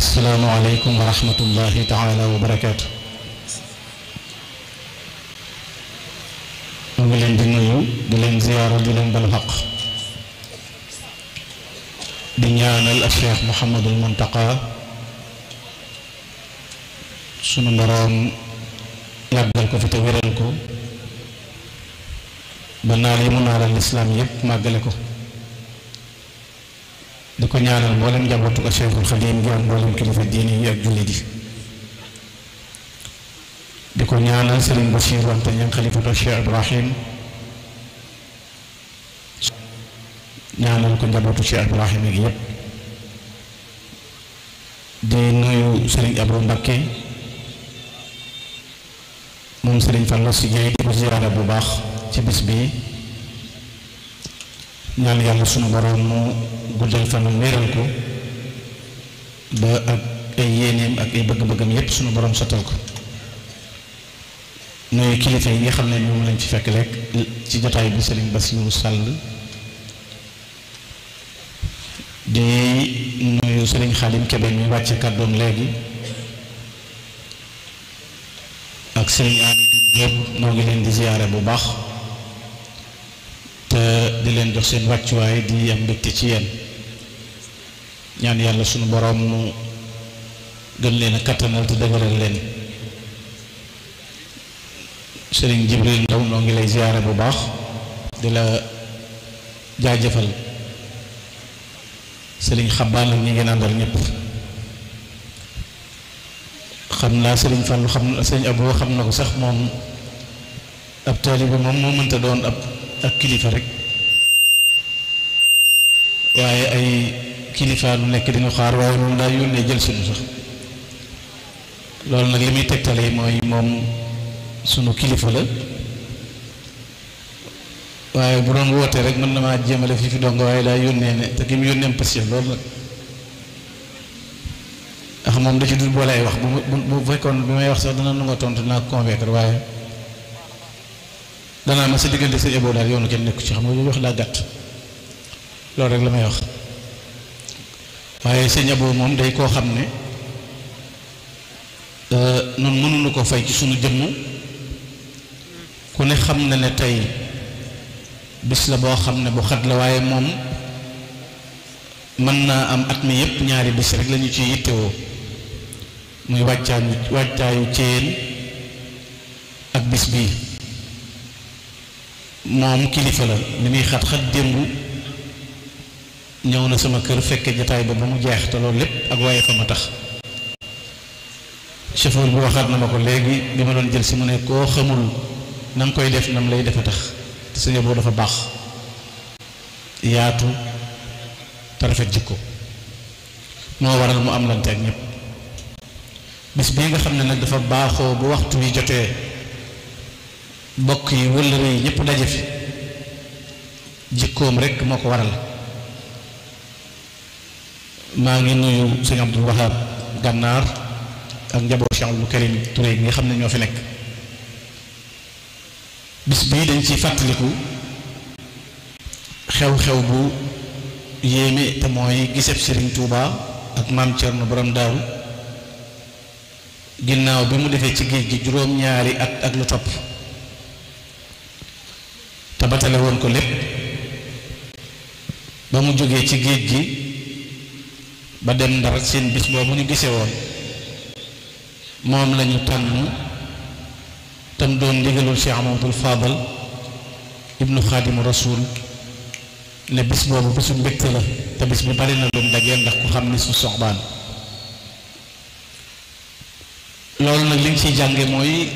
asalaamualeykum wa rahmatullahi taala wa barakaatu mu ngi leen di nuyu di leen ziyaara di leen bal xaq di ñaanal ak cheikh Mouhamadul Muntaqa sunu boroom yàggal ko fi te ko ba naa yi mu naalal lislaam yépp màggale ko di ko ñaanal mboolem njabootu ak Cheikhul Khadim gi ak mboolem kilifa diine yi ak jullit yi di ko ñaanal Serigne Bassirou Anta Niang xalifatu Cheikh Ibrahim ñaanal ko njabootu Cheikh Ibrahim gi yépp di nuyu Serigne Abdou Mbacké moom Serigne Fallou si Gueye di bu baax ci bis bii ñaan yàlla sunu borom mu guddal fanam wéral ko ba ak ay yéeneem ak ay bëgg-bëggam yépp sunu borom sottal ko nuyu kilifa yi nga xam ne ñoom lañ fi fekk rek ci jotaay bi Serigne Bassirou Sall di nuyu Serigne Khadim Kébé mi wàcce kàddoom léegi ak Serigne Amidou Diop noo ngi leen di ziyaare bu baax di leen jox seen wàccuwaay di am mbégte ci yéen ñaan yàlla suñu borom mu gën leen a kattanal te dëgëral leen sëriñ Jibril Ndaw noo ngi lay ziyaare bu baax di la jaajëfal sëriñ xabaan ñu ngi ngeen àndal ñëpp xam naa sëriñ Fàllu xam na sëriñ Aboo xam na ko sax moom ab taalibe moom moo mënta doon ab ak kilifa rek waaye ay kilifa lu nekk dinu xaar waaye moom daa yónnee jël suñu sax loolu nag li muy tegtale mooy moom sunu kilifa la waaye bu doon wootee rek mën na maa jéemale fii fi dong waaye daa yónnee ne te ki mu yónnee passion loolu nag ndax moom wax bu bu bu bi may wax sax dana nu nga tontu naa convaincre waaye danaa ma sa diggante sa éboo daal yoonu kenn nekku ci xam nga yooyu wax daa gàtt loolu rek la may wax waaye sëña boobu moom day koo xam ne euh, noonu mënuñu ko fay ci sunu jëmm ku ne xam na ne tey bis la boo xam ne bu xat la waaye moom mën naa am at mi yépp ñaari bis rek lañu ci yittewoo muy wàccaayu wàccaayu céen ak bis bii moom kilifa la li muy xat-xat démb ñëw na sama kër fekkee jataay ba ba mu jeex te loolu lépp ak waaye fa ma tax chauffeur bi waxaat na ma ko léegi bi ma doon jël si mu ne koo xamul na koy def nam lay defa tax te sa njaboot dafa baax yaatu te rafet jikko moo waral mu am lante ak bis bii nga xam ne nag dafa baaxoo bu waxtu wi jotee bokk yi wëllëre yi ñëpp daje fi jikkoom rek moo ko waral maa ngi nuyu sëñ Abdou Wahab gànnaar ak njaboot Cheikh Abdou Karim Touré gi nga xam ne ñoo fi nekk bis bii dañ ciy fàttaliku xew-xew bu yéeme te mooy giseb Serigne Touba ak maam Thierno Borom Daaru ginnaaw bi mu defee ci géej gi juróom-ñaari at ak lu topp te batale woon ko lépp ba mu jógee ci géej gi. ba dem ndar seen bis boobu ñu gisee woon moom lañu tànn tam doon ndigalul Cheikh Amadou faabal ibnu Xaadimu Rasuul ne bis boobu bisu mbégte la te bis bi bari na lu mu dajee ndax ku xam ne su soxbaan loolu nag li ñu ciy jànge mooy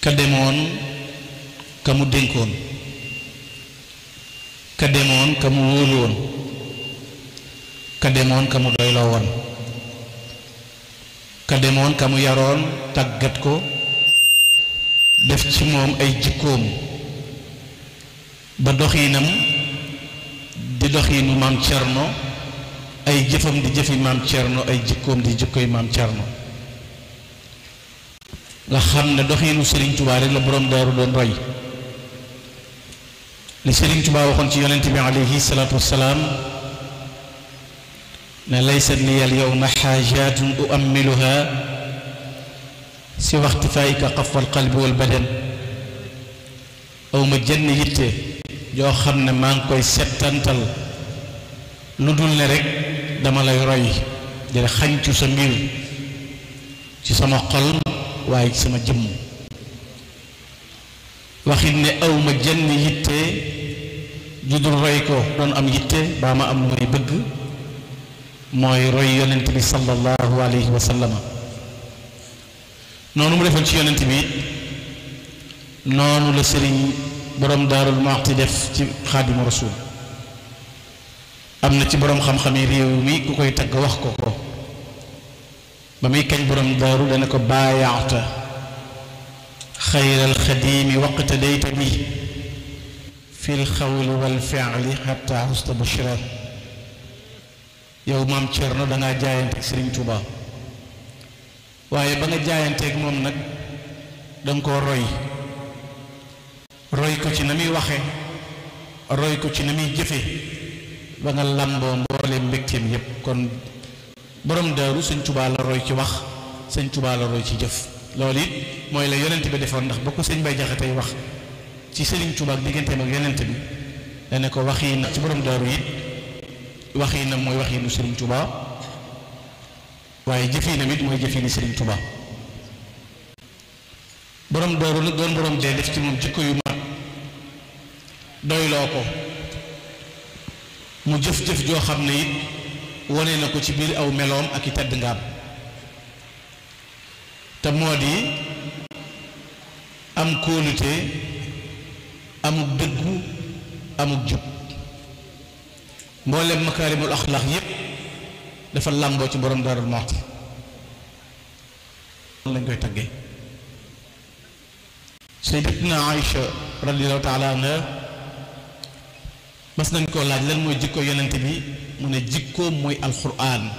ka demoon ka mu dénkoon ka demoon ka mu wóolu ka demoon ka mu doyloo woon ka mu yaroon tàggat ko def ci moom ay jikkoom ba doxiinam di doxiinu maam Cerno ay jëfam di jëfi maam Cerno ay jikkoom di jikkoy maam Cerno nga xam ne doxiinu Serigne Touba rek la borom daaru roy li Serigne Touba waxoon ci yonent bi alayhi salaatu ne laysat li al yowma xaajaatun uammiluha si waxti faayika xafal qalbi wal badan awma jënn yitte joo xam ne maa ngi koy settantal lu dul ne rek dama lay roy di xañcu sa mbir ci sama xol waaye ci sama jëmm waxit ne awma jënn yitte ju dul roy ko doon am yitte baa ma am lu may bëgg mooy roy yonent bi sallallahu alayhi wa sallam noonu mu defal ci yonent bi noonu la sëriñ borom daarul Muxti def ci xaadimu rasul am na ci borom xam yi réew mi ku koy tagg wax ko ko ba muy kañ borom daaru dana ko baayaata xayral xadiimi waqta dayta bi fil xawli wal fi'li xatta xusta bushra yow maam Thierno da ngaa jaayanteeg Serigne Touba waaye ba nga jaayanteeg moom nag da nga roy roy ko ci na muy waxe roy ko ci na muy jëfe ba nga làmboo mboolee mbégteem yépp kon boroom daaru Sëñ Touba la roy ci wax Sëñ Touba la roy ci jëf loolu it mooy la yonent bi defoon ndax ba ko sëñ Bay Jaxate wax ci Serigne Touba ak digganteem ak yonent bi dane ko wax yi nag ci borom daaru it wax waxiinam mooy wax waxiinu Serigne Touba waaye jëfiinam it mooy jëfiini Serigne Touba borom dooru nag doon borom dee def ci moom jikko yu mat doyloo ko mu jëf-jëf joo xam ne it wane na ko ci biir aw meloom ak i tedd ngaam te moo di am kóolute amuk dëggu amuk jub mboolem makaarimul axlaax yëpp dafa làmboo ci borom Daaru Muxti lañ koy taggee sayyidatuna mas nañ koo laaj lan mooy jikko yonent bi mu ne jikkoom mooy alquran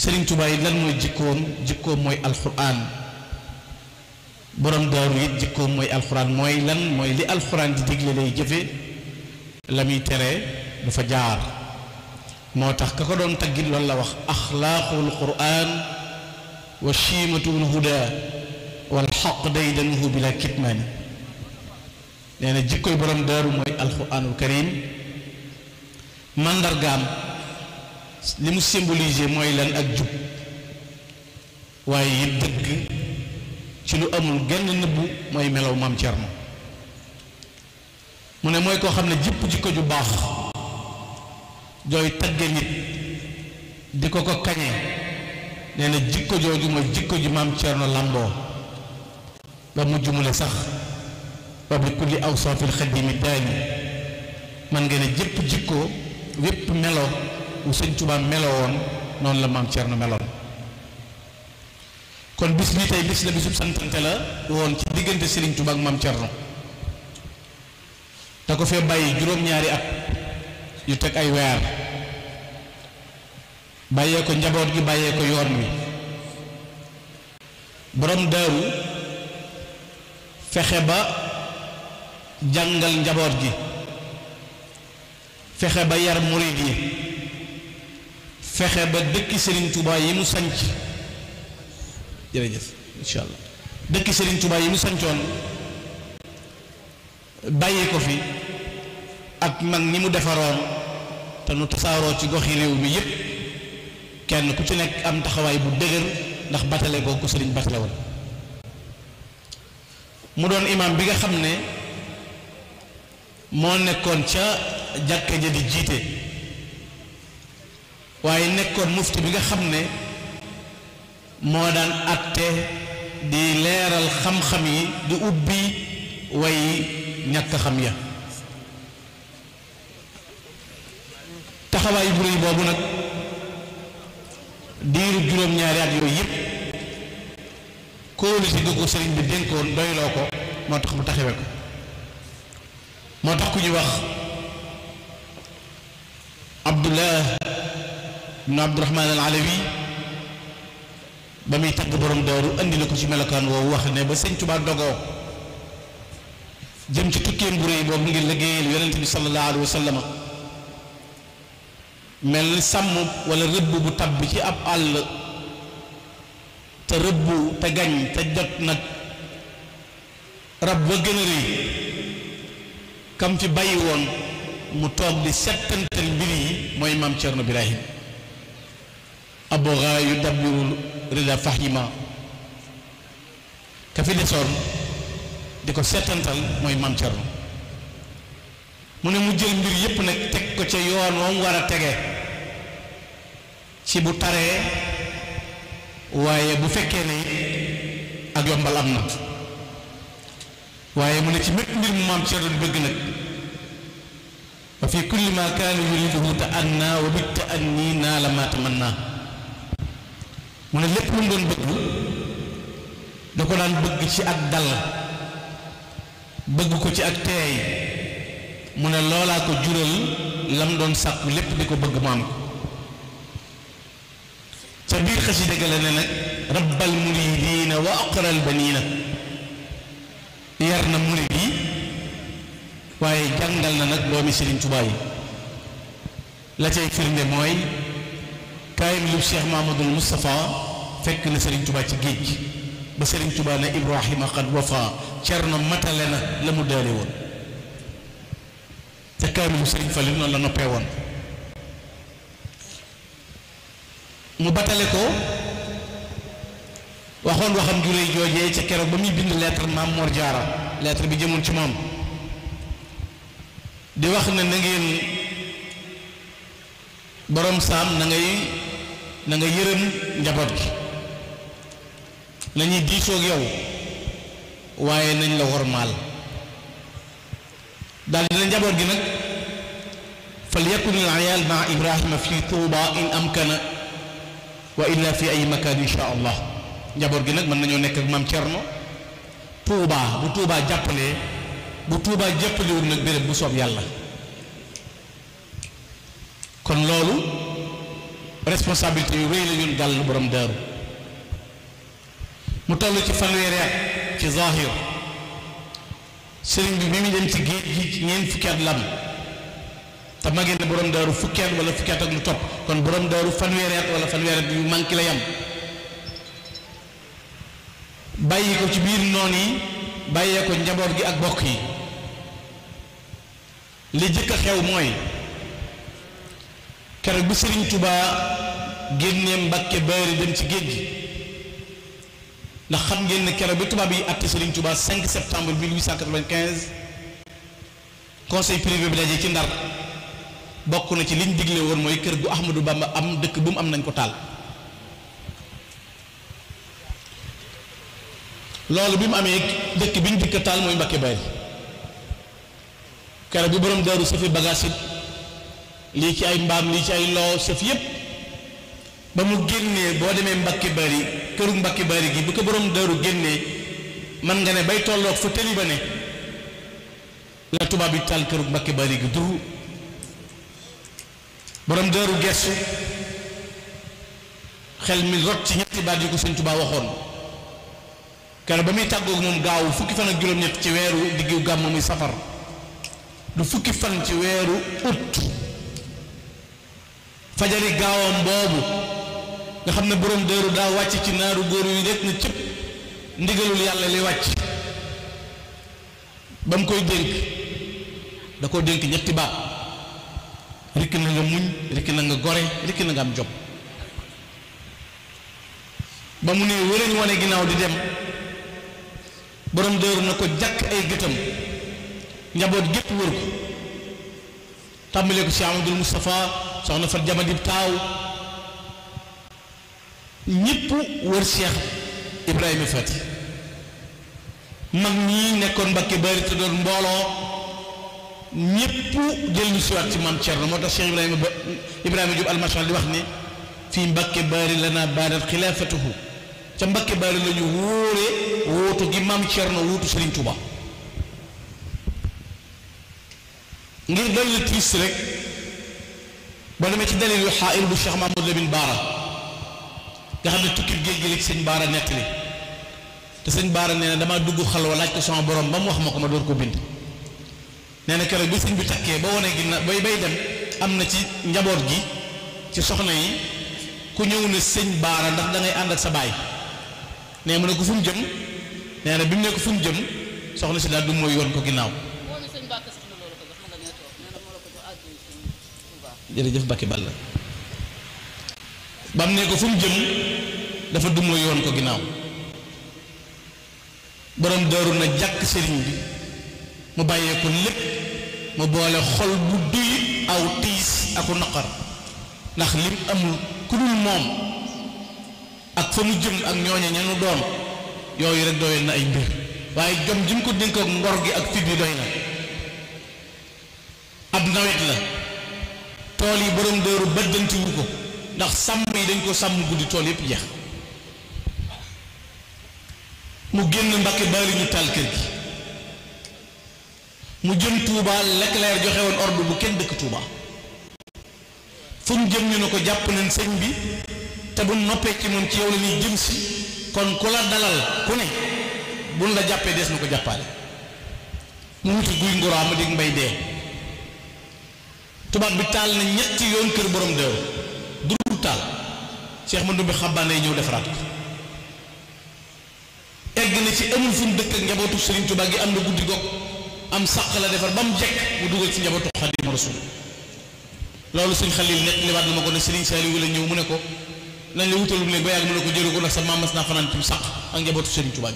Sëriñ Tuubaa lan mooy jikkoom jikkoom mooy alquran borom daaru it jikkoom mooy alquran mooy lan mooy li alquran di digle lay jëfe la muy tere du fa jaar moo tax ka ko doon taggit loolu la wax axlaaqul quraan wa chiimatul huda wal xaq day bi bila kitmaani nee na jikkoy borom daaru mooy alquraanul karim màndargaam li mu symbolise mooy lan ak jub waaye it dëgg ci lu amul genn nëbbu mooy melaw maam Cerno mu ne mooy koo xam ne jëpp jikko ju baax jooy tagge nit di ko ko kañee nee na jikko jooju mooy jikko ji maam Cerno làmboo ba mujj mu ne sax wa bi kulli awsaafil xadimi daani man ngeen ne jëpp jikko wépp melo wu sëñ Tuubaa melo woon noonu la maam Cerno meloon kon bis bi tey bis la bisub santante la woon ci diggante Sëriñ Tuubaa ak maam Cerno te ko fee bàyyi juróom-ñaari at yu teg ay weer bàyyee ko njaboot gi bàyyee ko yoon wi boroom daaru fexe ba jàngal njaboot gi fexe ba yar murid yi fexe ba dëkki Serigne Touba yi mu sanc jërëjëf incha allah dëkki Serigne Touba yi mu sancoon bàyyi ko fi ak mag ni mu defaroon te nu tasaaroo ci goxi réew mi yépp kenn ku ci nekk am taxawaay bu dëgër ndax batale boo ko sëriñ batale woon mu doon imaam bi nga xam ne moo nekkoon ca jàkka ja di jiite waaye nekkoon mufti bi nga xam ne moo daan àtte di leeral xam-xam yi di ubbi way ñàkk xam ya taxawaayu bu rëy boobu nag diiru juróom-ñaari at yooyu yëpp kóolu si nga ko sëriñ bi dénkoon doyloo ko moo tax mu taxawee ko moo tax ku ñu wax abdullah ibnu abdurahmaan al alawi ba muy tagg borom daaru andi na ko ci melokaan woowu wax ne ba sëñ Tuubaa dogoo jëm ci tukkeem bu rëy boobu ngir liggéeyal yonent bi sallallahu alayhi mel ni sàmm wala rëbb bu tàbbi ci ab àll te rëbb te gañ te jot nag rab ba gën a rëy kam fi bàyyi woon mu toog di settantal mbir yi mooy maam Cerno Birahim aboga yu dabiru rida fahima ka fi di ko settantal mooy maam Cerno mu ne mu jël mbir yépp nag teg ko ca yoon moom war a tege ci bu taree waaye bu fekkee ne ak yombal am na waaye mu ne ci mépp mbir mu maam Cerno bëgg nag wa fi kulli ma kaana yuriduhu ta anna wa bit ta anni naa la ma tamanna mu ne lépp lu doon bëgg da ko daan bëgg ci ak dal bëgg ko ci ak teey mu ne loolaa ko jural lam doon sàkku lépp di ko bëgg mu am ko ca biir xasida ga la ne nag rabbal muridiina wa aqral baniina yar na murid waaye jàngal na nag doomi Sëriñ Tuubaa yi la cay firnde mooy kaamilu Cheikh Mahamadul Moustapha fekk na Sëriñ Tuubaa ci géej ba Sëriñ Tuubaa ne Ibrahima qad wafa cer na matale na la mu daale woon ca te kaamilu sëriñ Fallu noonu la noppee woon mu batale ko waxoon waxam ju rëy joojee ca keroog ba muy bind lettre maam Mor Jaara lettre bi jëmoon ci moom di wax ne na ngeen borom saam na ngay na nga yërëm njaboot gi nañuy diisoog yow waaye nañ la wormaal daal dina njaboot gi nag fal yakunu al-ayaal maa Ibrahima fii Tuuba in amkana wa illa fi ay makaan insha allah njaboot gi nag mën nañoo nekk ak maam Thierno Touba bu Touba jàppalee bu Touba jàppalewul nag béréb bu soob yàlla kon loolu responsabilité yu rëy la gàll borom daaru mu toll ci fanweeri at ci zahir sëriñ bi bi muy dem ci géej gi ñeent fukki at lam te magee na borom daaru fukki at wala fukki at ak lu topp kon borom daaru fanweeri at wala fanweeri at yu manqué la bàyyi ko ci biir noon yi bàyyee ko njaboot gi ak bokk yi li jëkk a xew mooy keroog bi sëriñ Tuubaa génnee Mbàkke Bari dem ci géej gi ndax xam ngeen ne keroog bi tubaab yi àtte Serigne Touba 5 septembre 1895 conseil privé bi daje ci ndar bokk na ci liñ digle woon mooy kër gu Ahmadou Bamba am dëkk bu mu am nañ ko taal. loolu bi mu amee dëkk bi ñu dëkk taal mooy Mbacke Baye keroog bi borom daaru safi bagage yi lii ci ay mbaam lii ci ay loo saf yépp ba mu génnee boo demee Mbacke Baye. këru mbakki bari gi bu ko borom daru génnee man nga ne bay tolloog fa tëli ba ne la tubaab yi taal këru mbakki bari gi duru borom daru gestu xel mi rot ci ñetti baat yi ko sëñ Tuubaa waxoon kere ba muy tàggook moom gaaw fukki fan ak juróom-ñett ci weeru diggu gàmm muy safar du fukki fan ci weeru ut fajari gaawam boobu nga xam ne borom dëru daa wàcc ci naaru góor yi rek na cëpp ndigalul yàlla li wàcc ba mu koy dénk da koo dénk ñetti baat rikk na nga muñ rikk na nga gore rikk na nga am jom ba mu ne wërañ wane ginnaaw di dem borom dëru na ko jàkk ay gëtam njaboot gépp wër ko tàmbalee ko si Amadul Moustapha soxna fat jamadi taaw ñëpp wër Cheikh Ibrahima Fati mag ñi nekkoon Mbàkke bari te doon mbooloo ñëpp jël ñu siwaat ci maam Thierno moo tax Cheikh Ibrahima ba Ibrahima Diop almachal di wax ne fii Mbàkke bari la naa baadaat xilaafatuhu ca Mbàkke bari la ñu wóore wóotu gi maam Thierno wóotu Serigne Touba ngir doon la rek ba demee ci dalil yu xaayil bu Cheikh Mahmoud Lamine Baara nga xam ne tukki géej gi rek sëñ baara li te sëñ baara nee na damaa dugg xalwa laaj ko sama borom ba mu wax ma ko ma door ko bind nee na keroog bi sëñ bi takkee boo wane gi na bay bay dem am na ci njaboot gi ci soxna yi ku ñëw ne sëñ baara ndax da ngay ànd ak sa baay nee mu ne ko fu mu jëm nee na bi mu ne fu mu jëm soxna si daal du mooy yoon ko ginnaaw jërëjëf Mbacke Balla ba mu ne ko fu mu jëm dafa dumo yoon ko ginnaaw borom dooru na jàkk sëriñ bi mu bàyyee ko lépp mu boole xol bu duy aw tiis aku naqar ndax lim amul ku dul moom ak fa mu jëm ak ñooña ñanu doon yooyu rek doyoon na ay mbir waaye jom ji ko dénk ngor gi ak fit bi doy na ab nawet la tool yi borom dooru bëddantiwu ko ndax sàmm yi dañ ko sàmm guddi tool yépp jeex mu génn Mbàkke bari ñu taal kër gi mu jëm Touba Leclerc joxe woon ord bu kenn dëkk tuuba fu jëm ñu ne ko jàpp nañ sëñ bi te bu noppee ci moom ci yow la ñuy jëm si kon ku la dalal ku ne buñ la jàppee des na ko jàppale mu wuti guy nguraa ma dégg mbay dee tubaab bi taal na ñetti yoon kër borom deew taal Cheikh Mandoumbe xabbaan lay ñëw defaraat egg na ci amul fu mu dëkk ak njabootu Serigne Touba gi am na guddi goog am sàq la defar ba mu jekk mu dugal ci njabootu Xaadimu Rasuul loolu Serigne Khalil nekk liwaat na ma ko ne Serigne Saliou la ñëw mu ne ko nañ la wutalum léegi ba yàgg mu ne sa maam mas naa fanaan ci sàq gi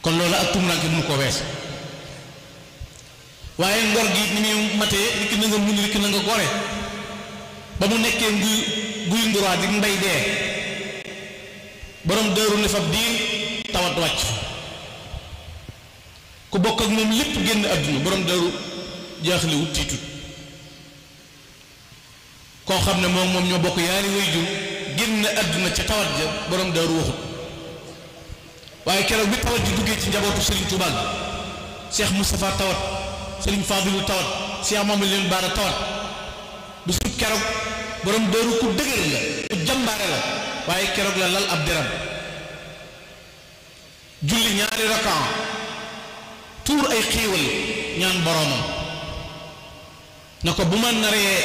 kon loolu ak tumuraanke mënu ko wees waaye ngor gi ni muy matee rikk na nga muñ rikk na nga gore ba mu nekkee guy guy nduraa di mbay dee borom dëru ne fab diir tawat wàcc ku bokk ak moom lépp génn àdduna borom dëru jaaxlewu tiitut koo xam ne moom moom ñoo bokk yaari wayjur génn àdduna ca tawat ja borom dëru waxut waaye keroog bi tawat ji duggee ci njabootu Serigne Touba Cheikh Moustapha tawat Serigne Fadilou tawat Cheikh Mamadou Leen Baara tawat bu su borom dooru ku dëgër la ku jàmbaare la waaye keroog la lal ab deram julli ñaari rakan tuur ay xiiwal ñaan boromam na ko bu ma naree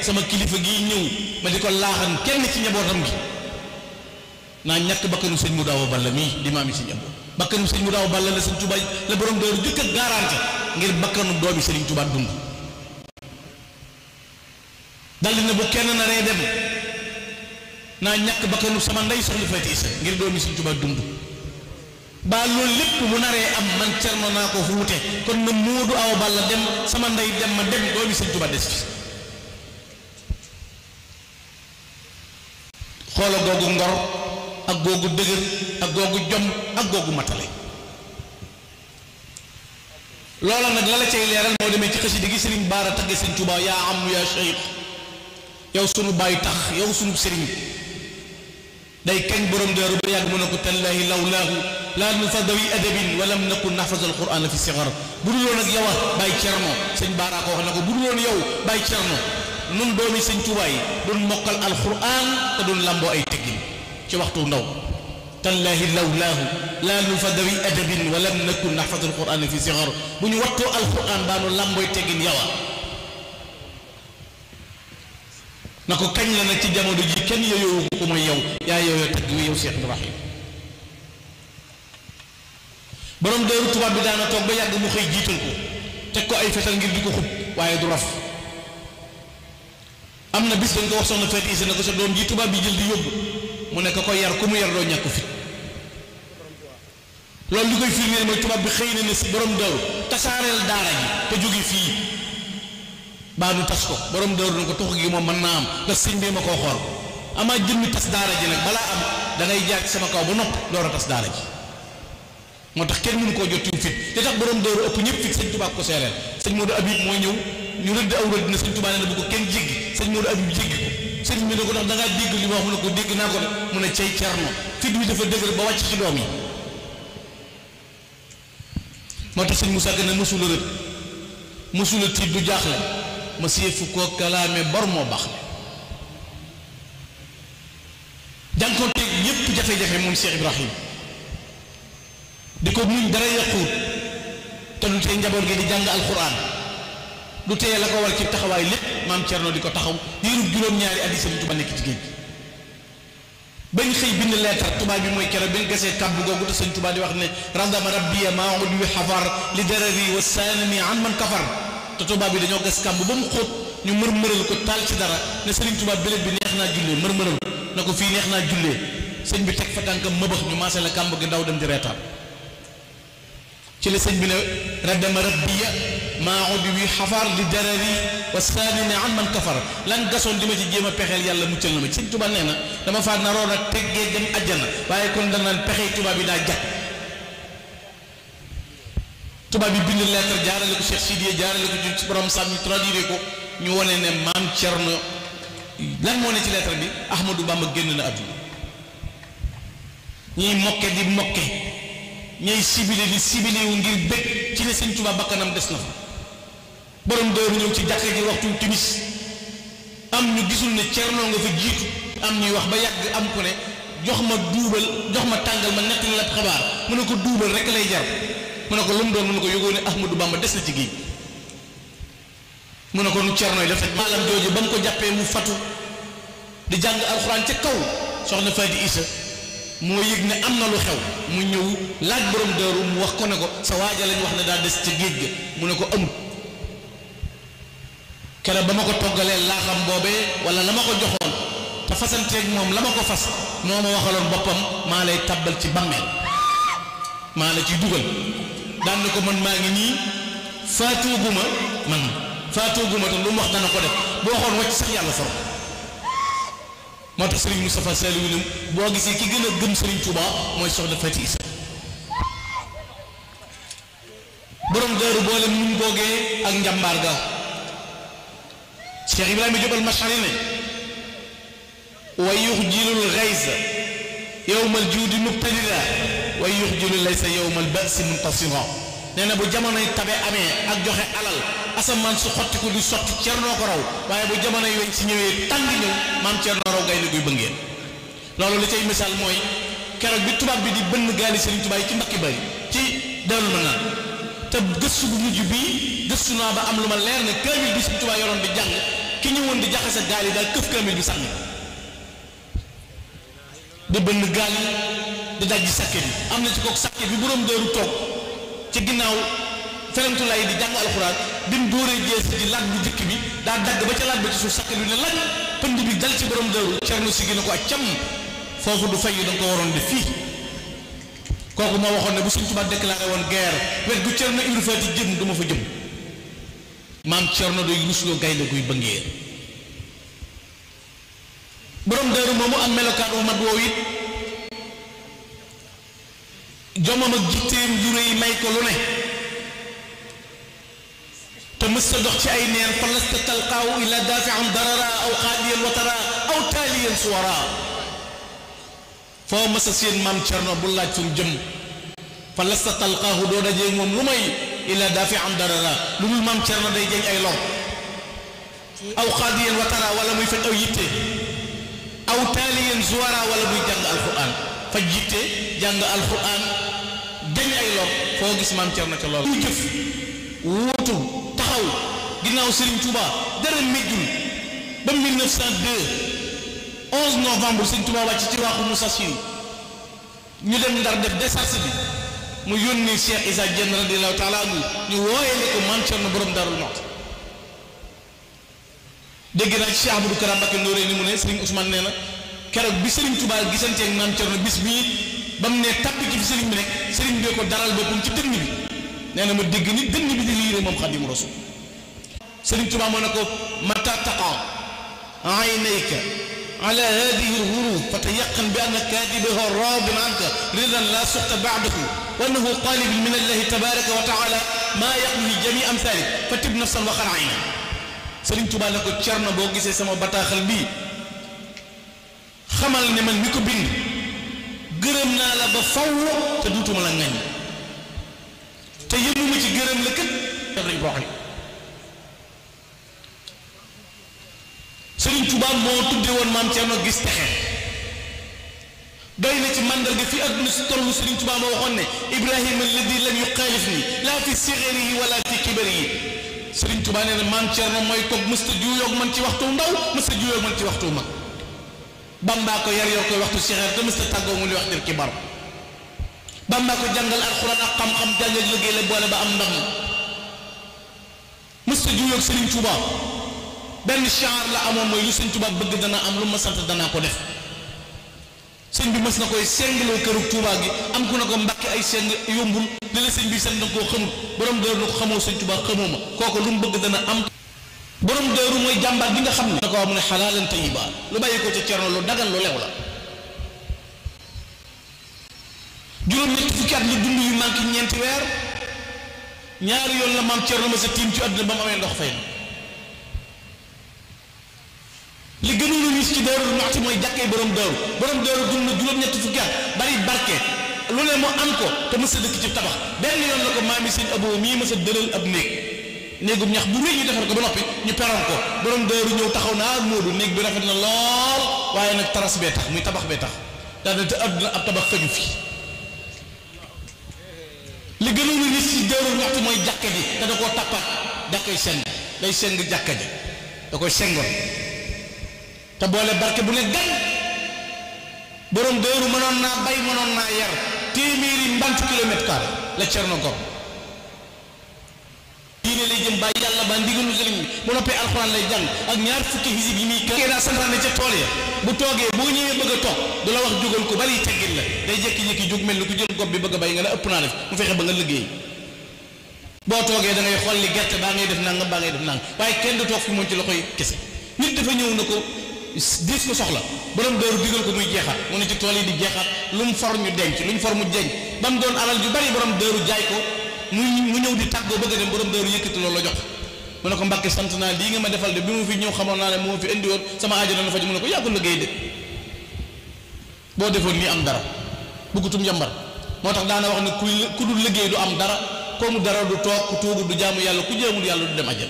sama kilifa gi ñëw ma di ko laaxan kenn ci njabootam gi naa ñàkk bakkanu sëñ mu daaw balla mii di maami sëñ Abdou bakkanu sëñ mu daaw balla la sëñ Tuubaa la borom dooru jëkk ak garanti ngir bakkanu doomi sëriñ Tuubaa dund daldi na bu kenn naree dem naa ñàkk bakkanu sama ndey soxna Faty Issa ngir doomi Sëñ Tuubaa dund baa loolu lépp bu naree am man cerno naa ko wuute kon na sama ndey dem ma dem doomi Sëñ Tuubaa xoola googu ngor ak googu dëgër ak googu jom ak googu matale loola nag la la leeral moo demee ci xasida gi Sëriñ Baara tagge Sëñ Tuubaa yaa am yaa Cheikh yow sunu bàyyi tax yow sunu sëriñ day kañ borom daaru ba yàgg mu ne ko tallaahi lawlaahu laa nu fadawi adabin walam nakun nahfaz alquran fi sigar bu dul woon ak yow ah bàyyi cerno sëñ Baara ko wax na ko bu dul woon yow bàyyi cerno nun doomi sëñ Tuubaa yi doon mokkal alquran te doon lamboo ay teggin ci waxtu ndaw tallaahi lawlaahu laa nu fadawi adabin walam nakun nahfaz alquran fi sigar bu ñu wattoo alquran daanu lambooy teggin yow ah na ko kañ la na ci jamono ji kenn yooyu ko mooy yow yaa yooyu tagg wi yow Seex Abdu Rahim borom dëru tubaab bi daana toog ba yàgg mu xëy jiital ko teg ko ay fetal ngir di ko xub waaye du raf am na bis dañ ko wax soxna fet ise na ko sa doom ji tubaab bi jël di yóbbu mu ne ko ko yar ku mu yar doo ñàkk fit loolu li koy firndeel mooy tubaab bi xëy na ne si borom dëru tasaareel daara te jóge fii baa nu tas ko borom door na ko tuxu gi moom man naa am ndax sëñ bee ma koo xool amaa jëmmi tas daara ji nag balaa am da ngay jaar ci sama kaw ba noppi door a tas daara ji moo tax kenn mënu koo jot ci fit te tax borom dooru ëpp ñëpp fit sëñ Tuubaa ko seereel sëñ Modou Habib ñu rëdd aw rëdd na sëñ ko kenn jéggi sëñ Modou Habib jéggi ko ne ko ndax da ngaa dégg li ma ko dégg naa ko de mu ne cay cerno fit wi dafa dëgër ba wàcc ci doom yi moo tax sëñ Moussa Ka ne mësula rëdd mësula tiit du jaaxle masiyeefu koo kalaame bor moo baax jànkonteeg yépp jafe-jafe moom Cheikh Ibrahim di ko muñ dara yàquut te du tee njaboot gi di jàng alquran du tee la ko war ci taxawaay lépp maam Thierno di ko taxaw diirub juróom-ñaari at yi nekk ci géej gi bañ xëy bind leetar tubaab bi mooy keroog bañ gesee kàbb googu te Sëriñ Tuubaa yi wax ne randama rabbiya maa udi xafar li darari wa saanani an man kafar te tubaab yi dañoo gas kàmb ba mu xóot ñu mërmëral ko taal ci dara ne sëriñ tubaab béréb bi neex naa jullee mërmëral na ko fii neex naa jullee sëñ bi teg fa tànkam mëbax ñu maase la kàmb gi ndaw dem di reetaan ci la sëñ bi ne raddama rabbiya maa udi wi xafar li darari wa saanine an man kafara lan gasoon di ma ci jéem a pexeel yàlla muccal na ma sëñ tubaab nee na dama faat naroon a teggee dem ajjana waaye kon danaan pexey tubaab yi daa jàpp tubaab bi bind lettre jaarale ko Cheikh Sidiye jaarale ko ci boroom sàmm ñu traduire ko ñu wane ne maam Cerno lan moo ne ci lettre bi Ahmadou Bamba génn na àdduna ñuy mokke di mokke ñuy sibile di sibile wu ngir bëgg ci ne sëñ Tuubaa bakkanam des na fa borom dóor ñëw ci jàkka ji waxtu timis am ñu gisul ne Cerno nga fa jiitu am ñuy wax ba yàgg am ku ne jox ma duubal jox ma tàngal ma nekk la xabaar mu ne ko duubal rek lay jar mu ne ko lu mu doon mu ne ko yógoo ne Ahmadou Bamba des na ci géej mu ne ko nu cerno nooy dafa maalam jooju ba mu ko jàppee mu fatu di jàng alxuraan ca soxna Faati Isa moo yëg ne am na lu xew mu ñëw laaj borom dëru mu wax ko ne ko sa waaja lañ wax ne daa des ca géej ga mu ne ko amut keroog ba ma ko toggalee laa xam boobee wala la ma ko joxoon te fasanteeg moom la ma ko fas moo ma waxaloon boppam maa lay tàbbal ci bàmmeel maa la ciy dugal daan na ko man maa ngi nii faatooguma man faatooguma te lu mu wax dana ko def boo xool wàcc sax yàlla far moo tax Serigne Moustapha Saliou Wilum boo gisee ki gën a gëm Serigne Touba mooy soxna Fati Isa borom daaru boole muñ googee ak njàmbaar ga Cheikh Ibrahima Diop al-Mashari ne wa yuxjilul gaysa yowmal juudi mubtadila way yuxjilu laysa yawmal ba'si muntasira nee na bu jamonoy tabe amee ak joxe alal asamaan su ko di sotti cernoo ko raw waaye bu jamonoy weñ si ñëwee tàng ñëw maam cernoo raw gaynde guy bëngeen loolu li cay misaal mooy keroog bi tubaab bi di bënn gaali Sëriñ Tuubaa yi ci mbakki bari ci dellu ma naa te gëstu bu mujj bii gëstu naa ba am lu ma leer ne kaamil bi Sëriñ Tuubaa yoroon di jàng ki ñëwoon di jaxase gaal yi daal këf kaamil bi sànni di dajji sàkket bi am na ci kook sàkket bi borom dóoru toog ci ginnaaw ferentulaay di jàng alxuraan bi mu dóoree jees ji laaj bu jëkk bi daa dagg ba ca laaj ba ci suuf sàkket bi ne laaj pënd bi dal ci borom dóoru cerno si gën a ko ak cam foofu du da ko waroon def fii kooku moo waxoon ne bu Sëñ Tuubaa woon guerre wet gu cerno Ibra Faati jëm du ma fa jëm maam cerno doy rusloo gaynde guy bëngee borom dóoru moomu am melokaan mat woow it jomam ak jitteem ju réy may ko te mës dox ci ay neen fa lasta talqaahu illa daafian darara aw xaadiyan watara aw taaliyan suwara foo mës a seen maam Cerno bu laaj fu mu jëm fa lasta talqaahu doo dajee moom lu may illa daafian darara lu dul maam Cerno day jeñ ay lor aw xaadiyan watara wala muy faj aw yitte aw taaliyan suwara wala muy jàng alquran jàng alquran yor foo gis maam Cerno ca lool lu jëf wuutu taxaw ginnaaw Serigne Touba dara méjjul ba 1902 11 novembre Serigne Touba wàcc ci waaxu Moussa Sine ñu dem Ndar def décharge bi mu yónni Cheikh Issa Diène radiyallahu taala anhu ñu wooyele ko maam Cerno borom Darou Moukhty dégg naa ci Cheikh Abdou Karam Mbacké Noreyni mu ne Serigne Ousmane nee na keroog bi Serigne Touba gisante ak maam Cerno bis ba mu ne tàbbi ci fi sëriñ bi rek sëriñ bee ko daral boppam ci dënn bi nee na ma dégg ni dënn bi di liire moom xadim rasul sëriñ Tuubaa moo ne ko mata taqa aynayka ala hadihi lhuruf fatayaqan bi anna kaadibaha raadin anka ridan la suxta baadahu wa annahu qalibin min allahi tabaraka wa taala maa yaqdi jami amthalik fatib nafsan wa xar ayna sëriñ Tuubaa ne ko cerno boo gisee sama bataaxal bii xamal ne man mi ko bind gërëm naa la ba faw te duutuma la ngañ te yëmuma ci gërëm la kët dañ booxi Sëriñ Tuubaa moo tudde woon maam Cerno gis texe doy na ci màndarga fi adduna na tollu Sëriñ Tuubaa moo waxoon ne Ibrahima alladi lam yuxaalif ni laa fi sigarihi wala fi kibarihi Sëriñ Tuubaa nee na maam Cerno mooy toog mësta juuyoog man ci waxtu ndaw mësta juuyoog man ci waxtu mag bambaa ko yar yor koy waxtu sixeer te mësta tàggoo mu li wax dir kibar bambaa ko jàngal alxuraan ak xam-xam jàngal liggéey la boole ba am ndam mësta juyoog Sëriñ Tuuba benn chaar la amoon mooy lu Sëriñ Tuuba bëgg dana am lu ma sant danaa ko def sëñ bi mës na koy sengloo këru Tuuba gi am ku ne ko mbàkki ay seng yombul li la sëñ bi sant na koo xamul borom dara na xamoo Sëriñ Tuuba xamoo ma kooku lu mu bëgg dana am borom dooru mooy jàmbaar bi nga xam ne. da ko wax mu ne xalaalan tayiba lu bàyyi ko ci cerno lu dagan lu lew la juróom ñetti fukki at la dund yu manqué ñeenti weer ñaari yoon la maam cerno ma sa tiim ci àdduna ba mu amee ndox fay li gënoon a wis ci dooru maxti mooy jàkkee borom dooru borom dooru dund na juróom ñetti fukki at bari barke lu ne mu am ko te mës a dëkk ci tabax benn yoon la ko maami seen aboo mii mës a dëral ab néeg néegum ñax bu rëy ñu defar ko ba noppi ñu peroon ko borom daaru ñëw taxaw naa Moodu néeg bi rafet na lool waaye nag taras bee tax muy tabax bee tax daal àdduna ab tabax faju fi li gënoon a gis ci daaru mooy jàkka ji te da koo tappat da koy seng day seng jàkka ji da koy sengoon te boole barke bu ne gan borom daaru mënoon naa bay mënoon naa yar téeméeri mbant kilomètre carré la Cerno diine lay jëm bàyyi yàlla ba ndigalu sëriñ bi bu noppee alxuraan lay jàng ak ñaar fukki hisib yi muy kër daa santaane ca tool ya bu toogee boo ñëwee bëgg a toog du la wax jógal ko bali teggin la day jékki-jékki jóg mel ni ku jël gob bi bëgg a bay nga ne ëpp naa def mu fexe ba nga liggéey boo toogee da ngay li gerte baa ngay def nangam baa ngay def nangam waaye kenn du toog fi moom ci loxoy kese nit dafa ñëw na ko diis ko soxla borom dooru digal ko muy jeexaat mu ne ci tool di jeexaat lu mu for ñu denc lu for mu denc ba doon alal ju bari borom dooru jaay ko muy mu ñëw di tàggoo bëgg a dem borom daaru yëkkati loolu la jox mu ne ko mbàkke sant naa lii nga ma defal de bi mu fi ñëw xamoon naa ne moo fi indi woon sama aajo na faj mu ne ko yaa liggéey de boo defoon nii am dara bëggutum yambar moo tax daana wax ne ku ku dul liggéey du am dara koomu dara du toog ku toogu du jaamu yàlla ku jaamul yàlla du dem ajal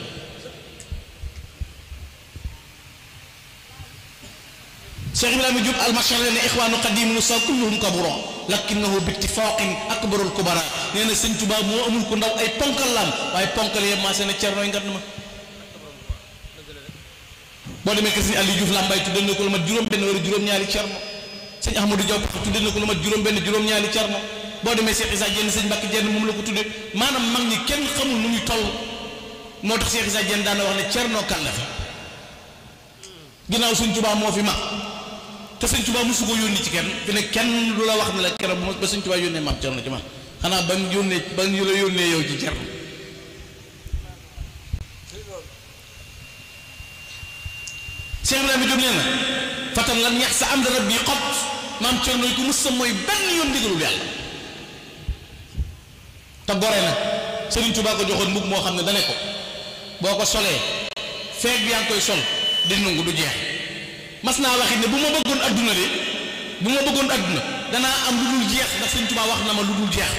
Cheikh Ibrahima Diop almachar ne ixwaanu qadim Moussa kulluhum kabura lakinnahu bi ittifaqin akbarul kubara nee na sëñ Tuubaa ku ndaw ay ponkal laam waaye ponkal yee maase na cernooy ngat ma boo demee ke sëñ Aliou Diouf Lambaye tuddee na ko lu mat juróom-benn wala juróom-ñaari cerno sëñ Ahmadou Diop na ko lu mat juróom-benn juróom-ñaari cerno boo demee Cheikh Issa Diène sëñ Mbacke Diène moom la ko tuddee maanaam mag ñi kenn xamul nu muy toll moo tax Cheikh Issa Diène daan wax ne cerno kan la fi ginnaaw sëñ Tuubaa moo fi mag te sëñ Tuubaa mosu ko yónni ci kenn fi ne kenn lu la wax ne la keroog ba sëñ Tuubaa yónnee maam Cerno ci man xanaa ba mu yónnee ba ñu la yónnee sa am da rabbi xot maam Cerno yi ko mos sa mooy benn yoon ndigalul yàlla te gore na sëriñ Tuubaa ko joxoon mbubb moo xam ne dane ko boo ko solee feeg bi yaa koy sol di nungu du jeex mas naa waxit ne bu ma bëggoon adduna de bu ma bëggoon adduna danaa am lu dul jeex ndax Sëñ Tuubaa wax na ma lu dul jeex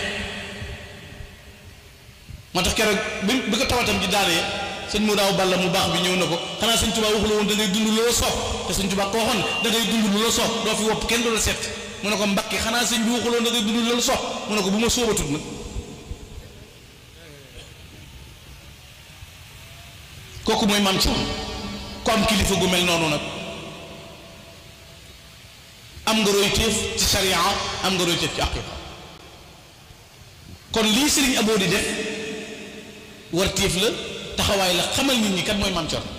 moo tax keroog bi bi ko tawatam di daanee sëñ mu daaw balla mu baax bi ñëw na ko xanaa sëñ Tuubaa waxu la woon da ngay dund lu la soob te sëñ Tuubaa ko la soob doo fi kenn du la seet mu ne ko mbakki xanaa sëñ bi waxu la woon da ngay dund lu ko bu ma sóobatut nag kooku mooy maam ci ko am kilifa gu mel noonu nag am nga royteef ci sharia am nga royteef ci aqiqa kon lii sëriñ aboo di def warteef la taxawaay la xamal nit ñi kat mooy maam Cerno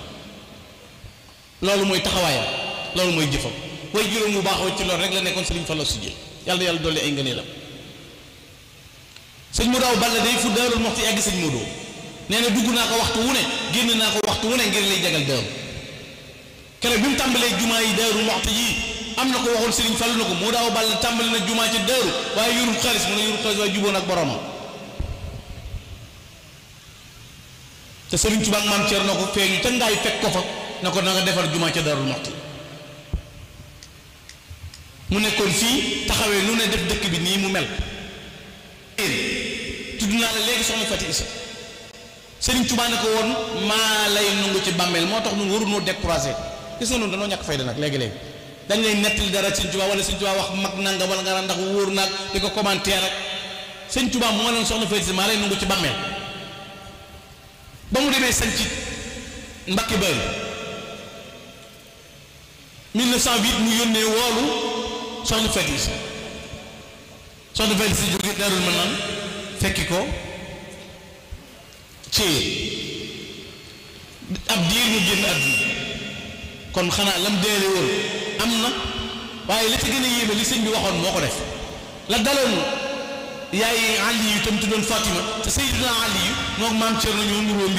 loolu mooy taxawaayam loolu mooy jëfam way juróom bu baax ci loolu rek la nekkoon sëriñ Fallu Sijji yàlla yàlla dolli ay ngëneelam sëñ Modou Awa Balla day fu Daarul Muxti egg sëñ Modou nee na dugg naa ko waxtu wu ne génn naa ko waxtu wu ne ngir lay jagal daaru keroog bi mu tàmbalee jumaa yi Daarul am na ko waxoon Serigne Fallou na ko mu daaw ball tàmbali na jumaa ca Daaru waaye yurul xaalis mu ne yurul xaalis waaye juboon ak boromam te Serigne Touba na ko feeñu ca ngaay fekk ko fa na ko na jumaa ca Daaru Muxti nekkoon fii taxawee nu ne def dëkk bi nii mu mel tudd naa la léegi soxna Fati Isa Serigne woon maa lay nungu ci bàmmeel moo tax ñun waruñoo décourager gis nga noonu dañoo ñàkk fayda nag léegi-léegi dañ lay nettali dara sëñ Tuubaa wala sëñ Tuubaa wax mag nanga wala nga ndax wóor naag di ko commentaire rek sëñ Tuubaa moo leen soxna Faty Sy maa lay nangu ci bàmmeel ba mu demee sañ ci Mbacke Bari 1908 mu yónnee woolu soxna Faty Sy soxna Faty Sy jóge Daarul Manaan fekki ko ci ab diir mu génn àdduna kon xanaa lam deele woon am na waaye li ci gën a yéeme li sëñ bi waxoon moo ko def la daloon yaay Ali yu tam tuddoon Fatima te Seydina Ali yu moom maam Thierno ñoo nuroo mbir